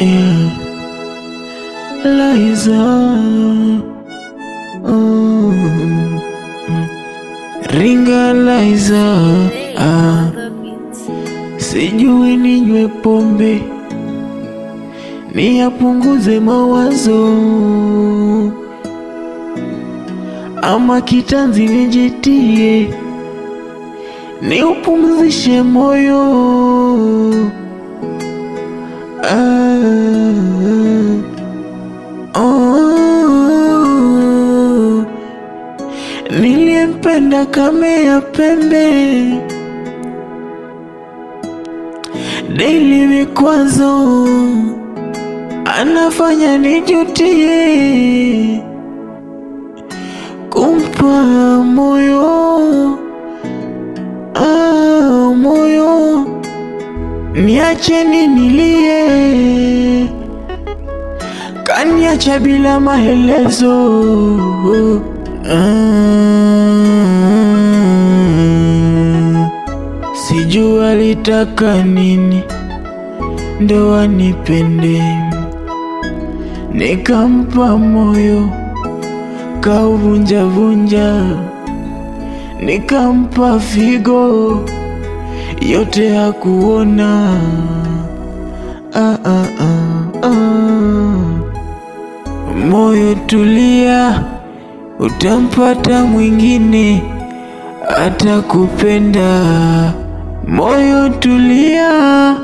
yeah. Liza oh. Ringa Liza ah. Sijui ninywe pombe niyapunguze mawazo ama kitanzi nijitie niupumzishe moyo ah. Oh, Niliyempenda kame ya pembe, daily vikwazo anafanya nijutie kumpa moyo ah, moyo niache ninilie kaniacha bila maelezo ah, sijui alitaka nini ndo anipende, nikampa moyo kauvunjavunja vunja, nikampa figo yote hakuona ah, ah, ah moyo tulia, utampata mwingine atakupenda. Moyo tulia,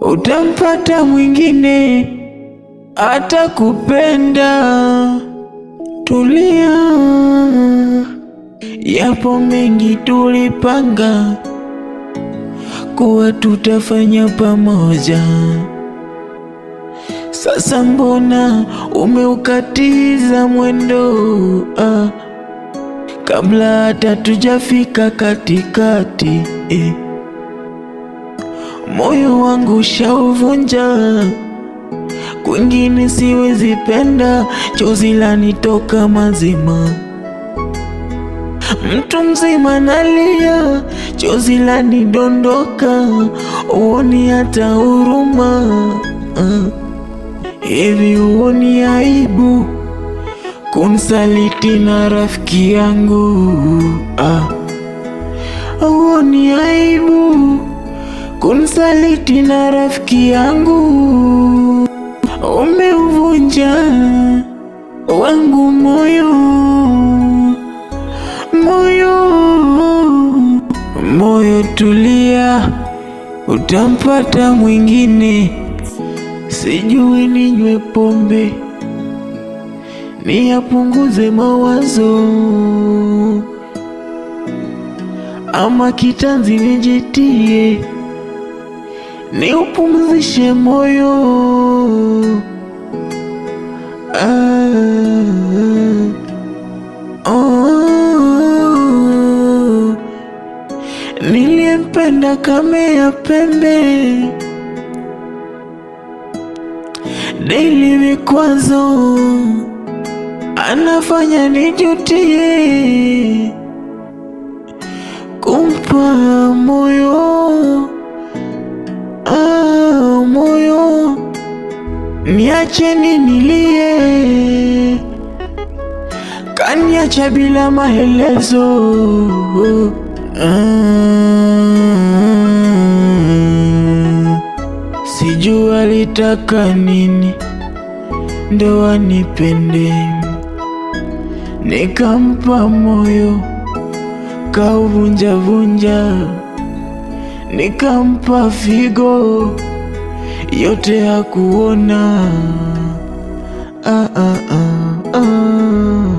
utampata mwingine atakupenda. Tulia, yapo mengi tulipanga kuwa tutafanya pamoja. Sasa mbona umeukatiza mwendo ah, kabla hata tujafika katikati eh, moyo wangu shauvunja kwingine siwezi penda, chozi lanitoka mazima, mtu mzima nalia, chozi lanidondoka, uoni hata huruma ah evi uoni aibu kumsaliti na rafiki yangu? Ah, aibu kumsaliti na rafiki yangu? Umeuvunja wangu moyo, moyo, moyo, tulia, utampata mwingine sijui ninywe pombe niyapunguze mawazo ama kitanzi nijitie niupumzishe moyo ah, oh, ah. niliyempenda kame ya pembe Deli vikwazo anafanya nijutie kumpa moyo ah, moyo niache ninilie, kaniacha bila maelezo ah. sijua litaka nini ndo wanipende, nikampa moyo kauvunjavunja vunja, nikampa figo yote hakuona. ah, ah, ah, ah.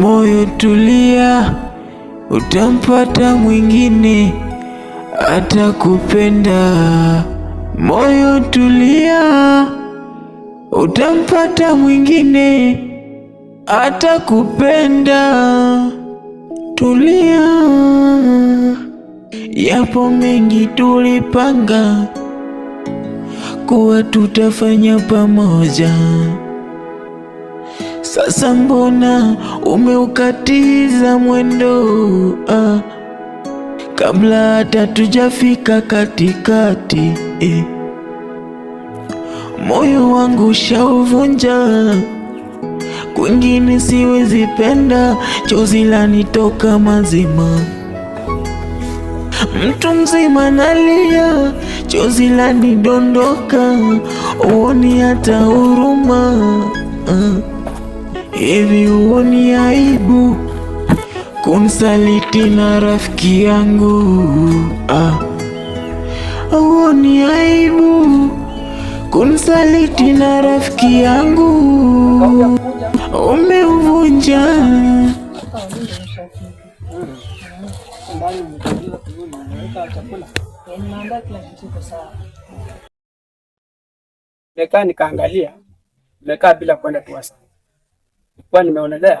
Moyo tulia, utampata mwingine atakupenda. Moyo tulia, utampata mwingine atakupenda. Tulia, yapo mengi tulipanga kuwa tutafanya pamoja, sasa mbona umeukatiza mwendo? ah kabla hata tujafika katikati eh. Moyo wangu shauvunja, kwingine siwezi penda, chozi lanitoka mazima, mtu mzima nalia, chozi lanidondoka, uoni hata huruma eh. hivi, uh. Uoni aibu kumsaliti na rafiki yangu ah. Au ni aibu kumsaliti na rafiki yangu, umeuvunja nimekaa nikaangalia, nimekaa bila kwenda kuwasa, nilikuwa nimeonelea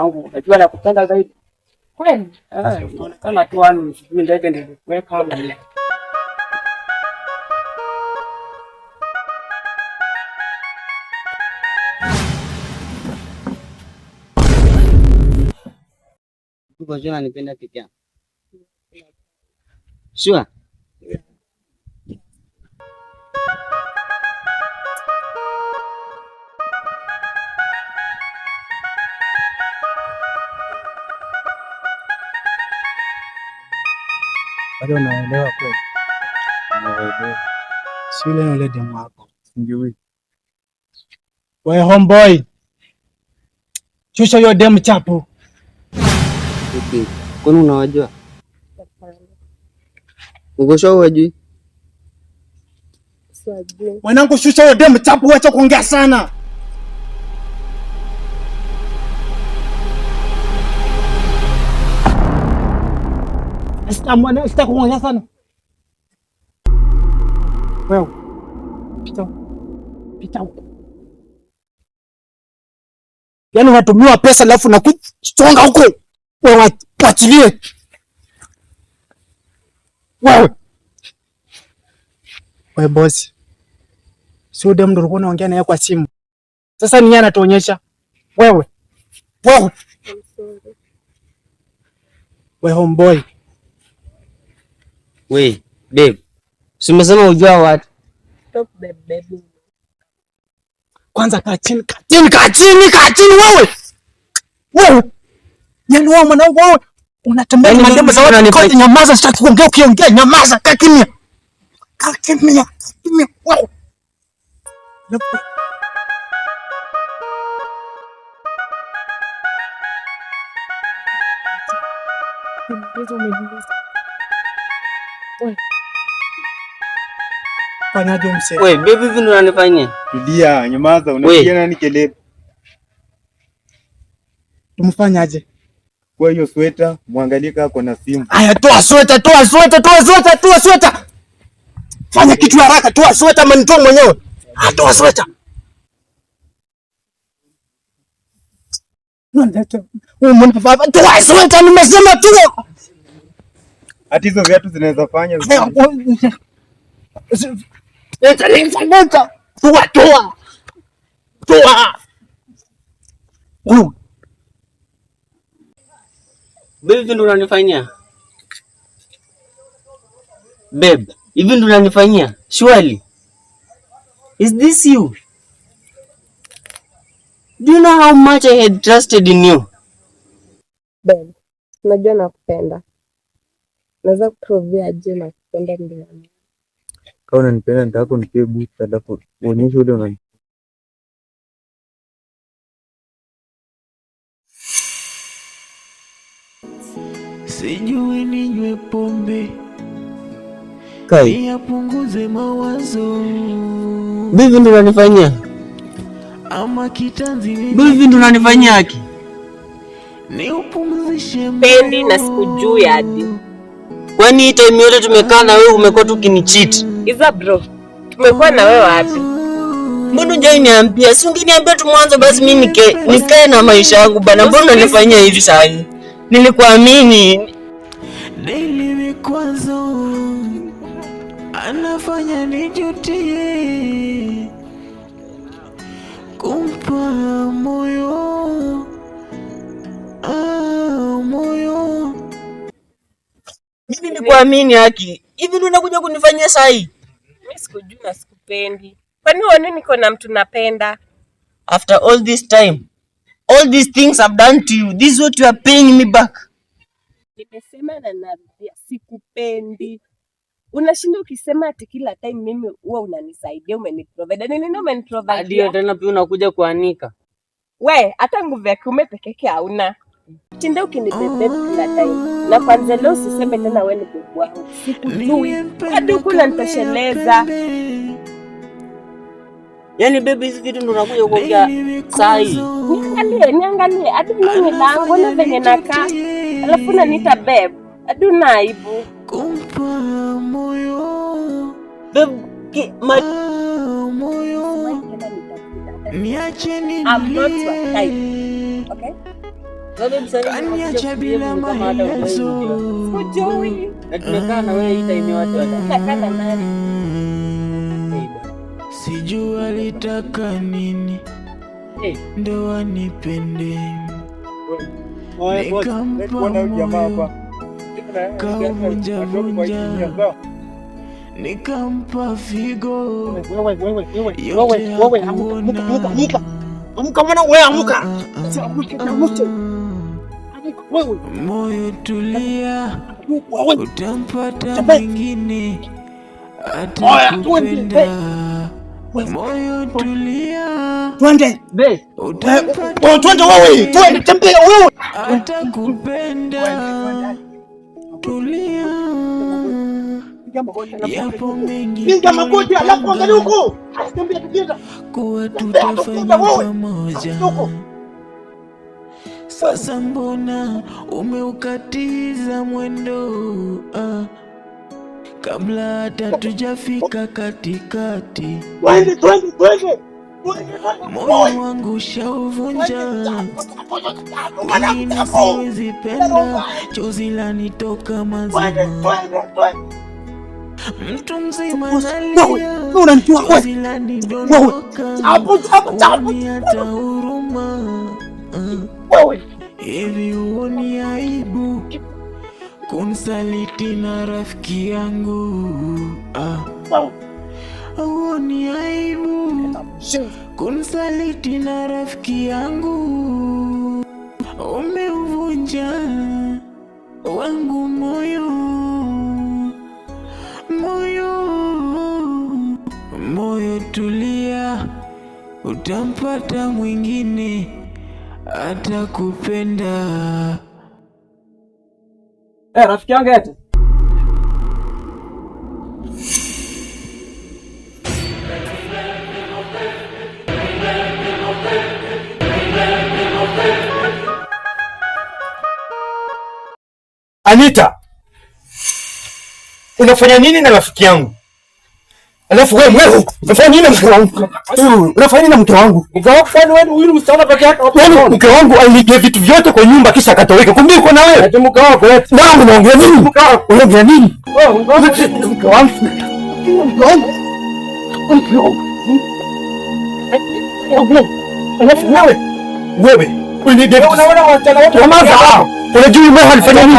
wangu, unajua nakupenda zaidi kweli. Eh, kama tu wanu sijui ndege nilikuweka mle sio sure. Bado unaelewa kweli? Si yule ile demo hapo. Sijui. Wewe homeboy. Chusha hiyo demo chapo. chapu. Kwani unawajua? Ungosha uwajui? Siwajui. Mwanangu shusha hiyo demo chapo, acha kuongea sana. Sitaki sana. Wewe pita, pita huko. Yaani unatumiwa pesa alafu nakuchonga huko. Wewe wewe. Wewe bosi, si dem ndo ulikuwa unaongea naye kwa simu, sasa ni yeye anatuonyesha wewe. Wewe wewe homeboy We, babe. Si umesema unajua watu. Stop babe, babe. Kwanza kaa chini, kaa chini, kaa chini, kaa chini wewe. Wewe. Yaani wewe mwanangu wewe unatembea yaani na madembo za watu kote, nyamaza, sitaki kuongea, ukiongea nyamaza, kaa kimya. Kaa kimya, kaa kimya wewe. Thank you. Fanyaje mse? Wewe Tumfanyaje? Kwa hiyo sweta muangalie kama kuna simu. Aya, toa sweta, toa sweta, toa sweta, toa sweta. Fanya kitu haraka, toa sweta ama mwenyewe. Ah, toa sweta. Toa sweta nimesema toa. Ati hizo viatu zinaweza fanya eh, Babe, ndo unanifanyia babe, hivi ndo unanifanyia Is this you? Do you know how much I had trusted in you? Babe, najua nakupenda naweza provia aje na kupenda mbele ya Mungu? Kama unanipenda nitaka unipe boost, alafu uonyeshe ule unani Sijui ninywe pombe Kai. niyapunguze mawazo. Bibi ndo unanifanyia ama kitanzi nini? Bibi ndo unanifanyia haki. Niupumzishe pendi na siku juu ya hadi Kwani hii time yote tumekaa na wewe umekuwa tukinichiti? Iza bro, tumekuwa na wewe wapi? Mbona hujai niambia? Si ungeniambia tu mwanzo basi mimi nike nikae na maisha yangu bana. Mbona unanifanyia hivi sasa? Nilikuamini. Daily mikwazo anafanya nijutie kumpa moyo Mimi kuamini haki. Hivi ndio unakuja kunifanyia saa hii? Mimi sikujui na sikupendi. Kwa nini wewe niko na mtu napenda? After all this time, all these things I've done to you, this is what you are paying me back. Nimesema na narudia sikupendi. Unashinda ukisema ati kila time mimi huwa unanisaidia, umeniprovide. Nini ndio umeniprovide? Hadi tena pia unakuja kuanika. We, hata nguvu ya kiume pekeke hauna. Tinde ukinibebe oh. kila time. Na kwanza leo usiseme tena wewe ni bibi wangu. Sikujui. Hadi huku nanitosheleza. Yaani baby hizi vitu ndo nakuja kuongea saa hii. Niangalie, niangalie. Hadi mimi langu na venye nakaa. Alafu unaniita babe. Hadi naibu. Kumpa moyo. Babe, ma moyo. Niache ni. I'm not your type. Okay? kaniacha yaani bila maelezo mm. sijui alitaka nini ndo wanipende nikampa moyo kauvunjavunja nikampa figo wewe, ya kuona amka mwana we amka amka wewe. Moyo tulia, utampata mwingine atakupenda. Moyo tulia, twende twende, wewe twende, tembea wewe, atakupenda. Tulia, yapo mengi, magoti alafu angalia huko, kuwa tutafanya pamoja sasa mbona umeukatiza mwendo ah, kabla hata tujafika katikati, moyo wangu ushauvunja, wengine siwezi penda, chozi lanitoka mazima, mtu mzima nalia, chozi lanidondoka, uoni hata huruma evi Hivi huoni aibu kumsaliti na rafiki yangu? Ah. Uoni aibu kumsaliti na rafiki yangu? Umeuvunja wangu moyo, moyo, moyo, tulia, utampata mwingine atakupenda. Eh, rafiki yangu eti Anita, unafanya nini na rafiki yangu? Alafu wewe mwewe, unafanya nini na mke wangu? Unafanya nini na mke wangu? Mke wangu kwani wewe huyu msichana peke yake wapo? Yaani mke wangu alinipa vitu vyote kwa nyumba kisha akatoweka. Kumbe uko na wewe. Ati mke wako eti. Wangu naongea nini? Mke wako unaongea nini? Wewe mke wangu. Mke wangu. Mke wangu. Mke wangu. Alafu wewe, wewe, unajua mahali fanya nini?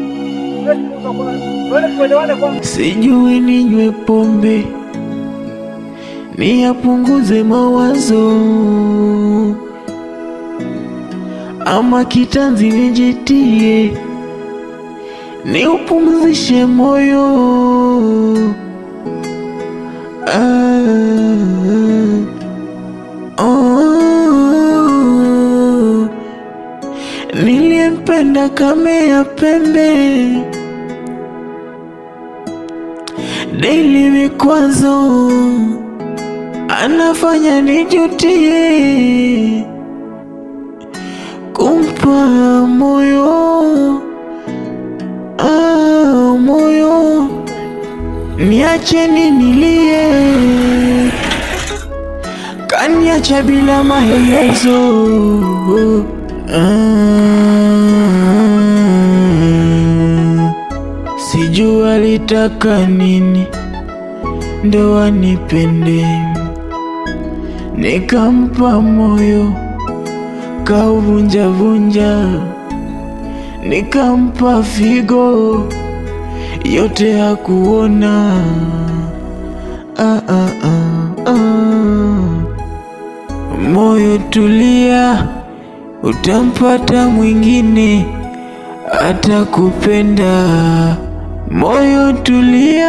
Sijui ninywe pombe niyapunguze mawazo ama kitanzi nijitie niupumzishe moyo. Ah, ah, ah. niliyempenda kame ya pembe, daily vikwazo anafanya nijutie kumpa moyo ah, moyo moyo niacheni nilie, kaniacha bila maelezo ah. Ungetaka nini ndo wanipende? Nikampa moyo kauvunja vunja, nikampa figo yote kuona. ah, ah, ah, ah. Moyo tulia, utampata mwingine atakupenda. Moyo tulia.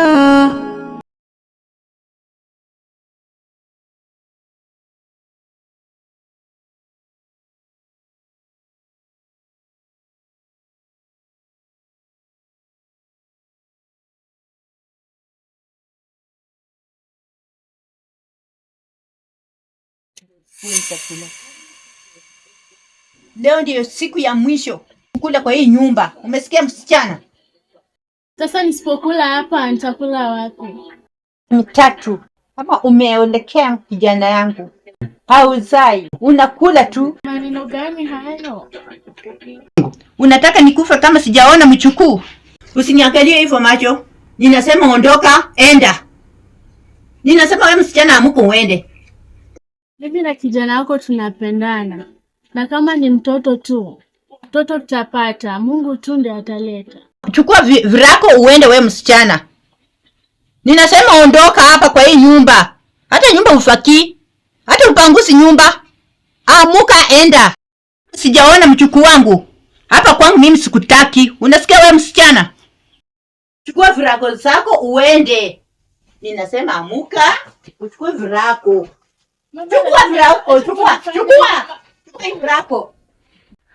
Leo ndiyo siku ya mwisho kula kwa hii nyumba. Umesikia msichana? Sasa nisipokula hapa nitakula wapi? Mtatu, kama umeondekea kijana yangu, hauzai unakula tu. Maneno gani hayo? Unataka nikufa kama sijaona mchukuu? Usiniangalie hivyo macho. Ninasema ondoka, enda. Ninasema wewe msichana, amuka uende. Mimi na kijana wako tunapendana, na kama ni mtoto tu, mtoto tutapata. Mungu tu ndiye ataleta chukua virako uende, we msichana. Ninasema ondoka hapa kwa hii nyumba, hata nyumba ufaki, hata upangusi nyumba. Amuka enda, sijaona mchuku wangu hapa kwangu. Mimi sikutaki, unasikia we msichana? Chukua virako zako uende, ninasema amuka, uchukue virako, chukua virako, chukua, chukua, chukua virako.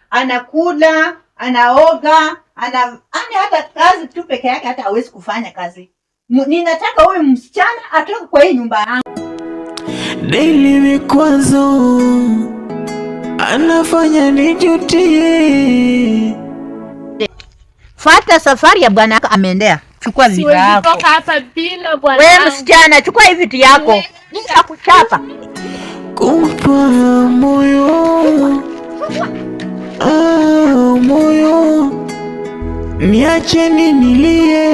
Anakula, anaoga ana ani hata kazi tu peke yake hata hawezi kufanya kazi. Ninataka huyu msichana atoke kwa hii nyumba yangu. Daily mikwazo anafanya nijutie. Fata safari ya bwana yako ameendea. Chukua vitu yako. Toka Wewe msichana, chukua hivi vitu yako. kuchapa. Kumpa moyo. Ah, moyo niacheni nilie,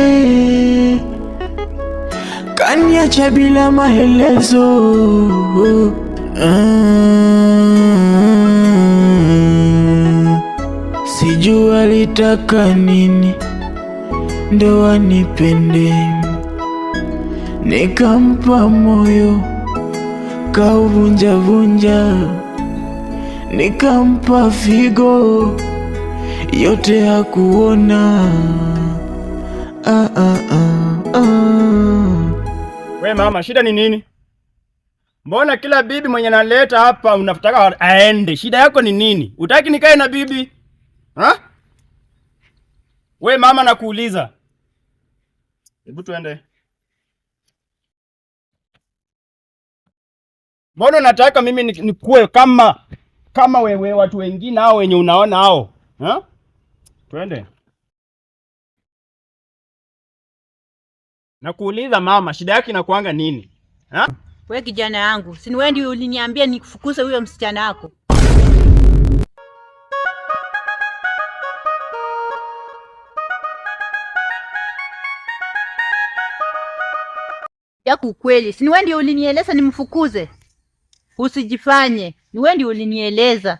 kaniacha bila maelezo ah, sijua alitaka nini ndo anipende, nikampa moyo kauvunjavunja, nikampa figo yote ya kuona. Ah, ah, ah, ah. We mama, shida ni nini? Mbona kila bibi mwenye naleta hapa unataka aende? Shida yako ni nini? Utaki nikae na bibi ha? We mama, nakuuliza, hebu tuende. Mbona nataka mimi nikuwe kama kama wewe watu wengine hao wenye unaona hao ha? Twende. Nakuuliza mama, shida yake inakuanga nini? Ha? We kijana yangu, si wewe ndio uliniambia nikufukuze huyo msichana wako. Yako ukweli, si wewe ndio ulinieleza nimfukuze. Usijifanye, ni wewe ndio ulinieleza.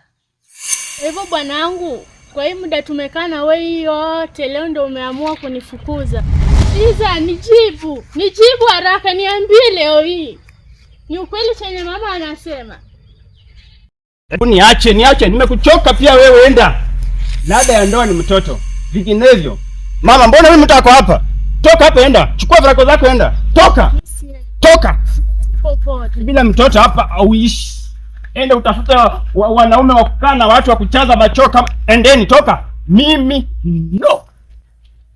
Hivyo bwanangu, kwa hii muda tumekaa na wewe yote, leo ndio umeamua kunifukuza? Iza, nijibu, nijibu haraka, niambie leo hii ni ukweli chenye mama anasema? Hebu niache, niache, nimekuchoka pia wewe, enda. Ladha ya ndoa ni mtoto, vinginevyo. Mama, mbona wewe mtako hapa? Toka hapa, enda, chukua virako zako, enda, toka, toka. Bila mtoto hapa auishi ende utafuta wanaume wa kukaa na watu wa kuchaza macho kama, endeni toka. Mimi no,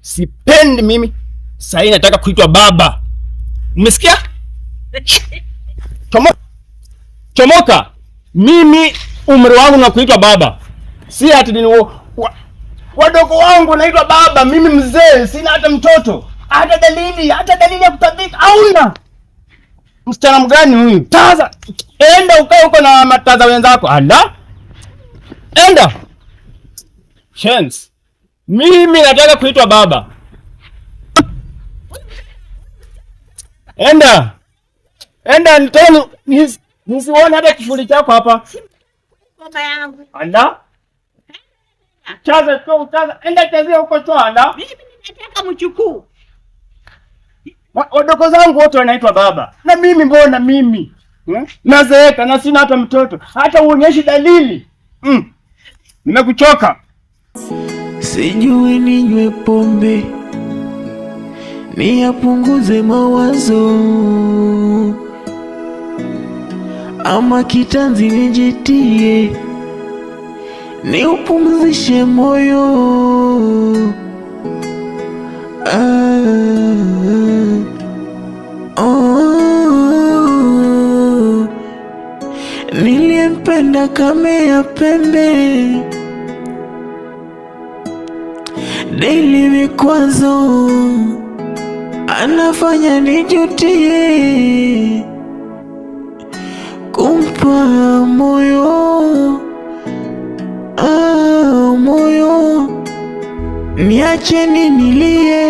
sipendi mimi. sahii nataka kuitwa baba, umesikia? Chomoka, chomoka. Mimi umri wangu na kuitwa baba, si hati ni wa, wangu naitwa baba. Mimi mzee, sina hata mtoto, hata dalili, hata dalili ya kutabika auna Msichana mgani huyu? Taza Enda ukae huko na mataza wenzako. Ala, enda Chance. Mimi nataka kuitwa baba. Enda enda, nitoni nisione hata kifuli chako hapa. Baba yangu. Ala, chaza tu utaza. enda chezea huko tu. Ala, mimi nataka mchukuu. Wadoko zangu wote wanaitwa baba na mimi, mbona mimi hmm? Nazeeka na sina hata mtoto, hata uonyeshi dalili hmm. Nimekuchoka, sijui ninywe pombe niyapunguze mawazo ama kitanzi nijitie niupumzishe moyo ah, ah, oh. Nakupenda kama ya pembe, daily vikwazo anafanya nijutie kumpa moyo ah, moyo niache nilie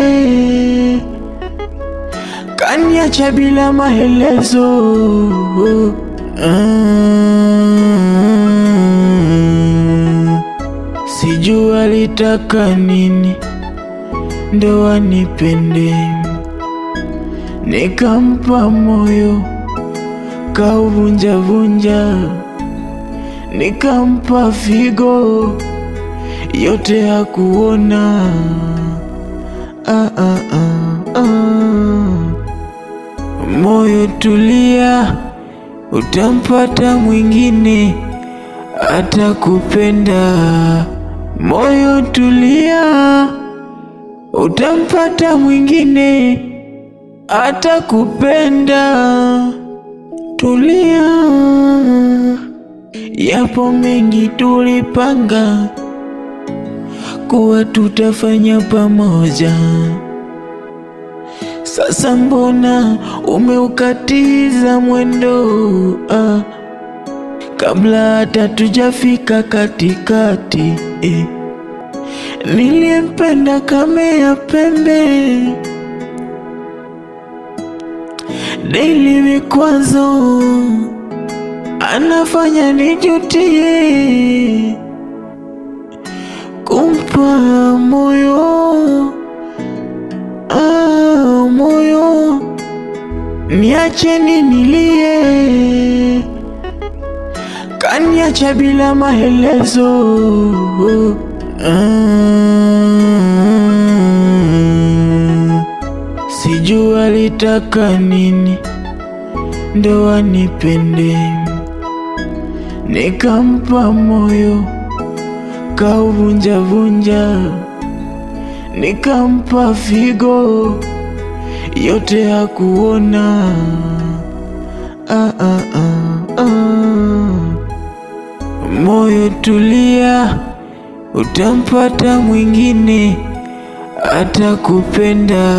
kaniacha bila maelezo ah. Sijua litaka nini ndo wanipende, nikampa moyo kauvunjavunja vunja, nikampa figo yote hakuona. ah, ah, ah, ah. Moyo tulia, utampata mwingine atakupenda. Moyo tulia, utampata mwingine atakupenda. Tulia, yapo mengi tulipanga kuwa tutafanya pamoja, sasa mbona umeukatiza mwendo? ah kabla hata tujafika katikati eh. Niliyempenda kame ya pembe, daily vikwazo anafanya nijutie kumpa moyo ah, moyo niache nilie Kaniacha bila maelezo ah, sijua litaka nini ndo anipende, nikampa moyo kauvunja vunja, nikampa figo yote kuona ah, ah, ah moyo tulia, utampata mwingine atakupenda.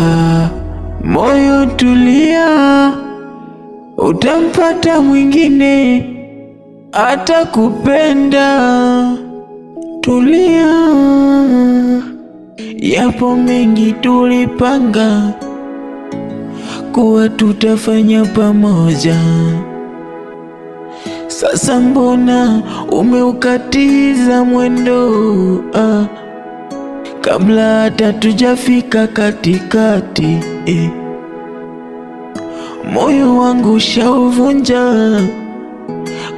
Moyo tulia, utampata mwingine atakupenda. Tulia, yapo mengi tulipanga kuwa tutafanya pamoja. Sasa mbona umeukatiza mwendo ah, kabla hata tujafika katikati eh. Moyo wangu shauvunja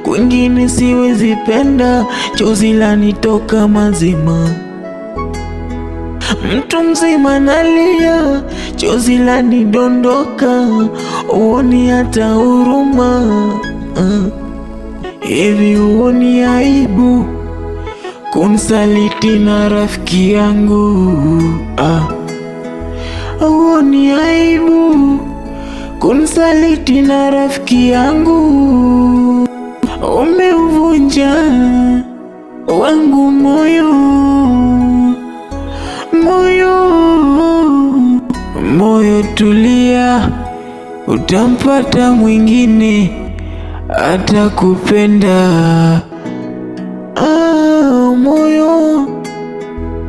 kwingine siwezi penda, chozi lanitoka mazima, mtu mzima nalia, chozi lanidondoka, uoni hata huruma ah. Hivi huoni aibu kunsaliti na rafiki yangu? Ah, huoni ah, aibu kunsaliti na rafiki yangu? Umeuvunja wangu moyo, moyo, moyo, tulia, utampata mwingine atakupenda ah, moyo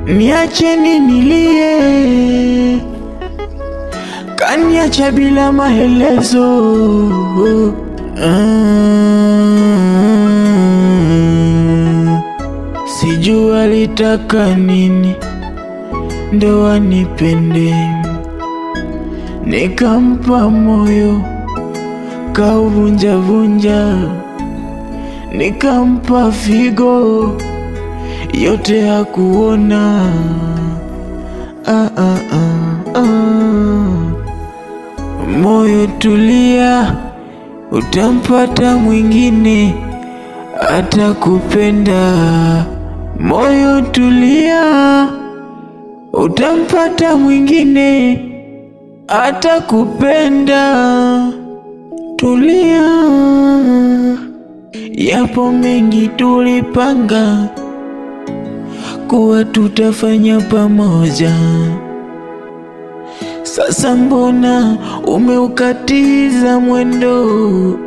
niache nilie, kaniacha bila maelezo ah, sijua alitaka nini ndo anipende nikampa moyo vunja, nikampa figo yote ya kuona. ah, ah, ah, ah. Moyo tulia, utampata mwingine atakupenda. Moyo tulia, utampata mwingine atakupenda tulia, yapo mengi tulipanga kuwa tutafanya pamoja, sasa mbona umeukatiza mwendo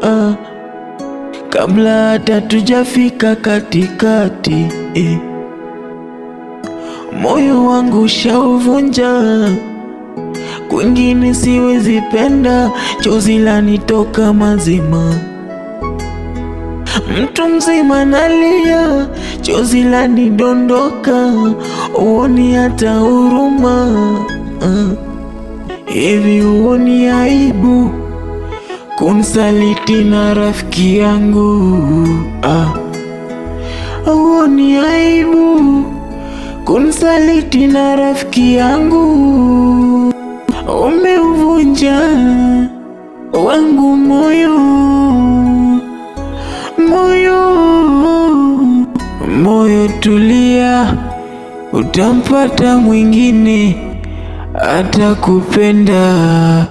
ah, kabla hata tujafika katikati eh, moyo wangu shauvunja kwingine siwezi penda, chozi lanitoka mazima, mtu mzima nalia, chozi lanidondoka, uoni hata huruma hivi uoni aibu kunsaliti na rafiki yangu Uoni aibu kunsaliti na rafiki yangu umeuvunja wangu moyo, moyo, moyo, tulia, utampata mwingine atakupenda.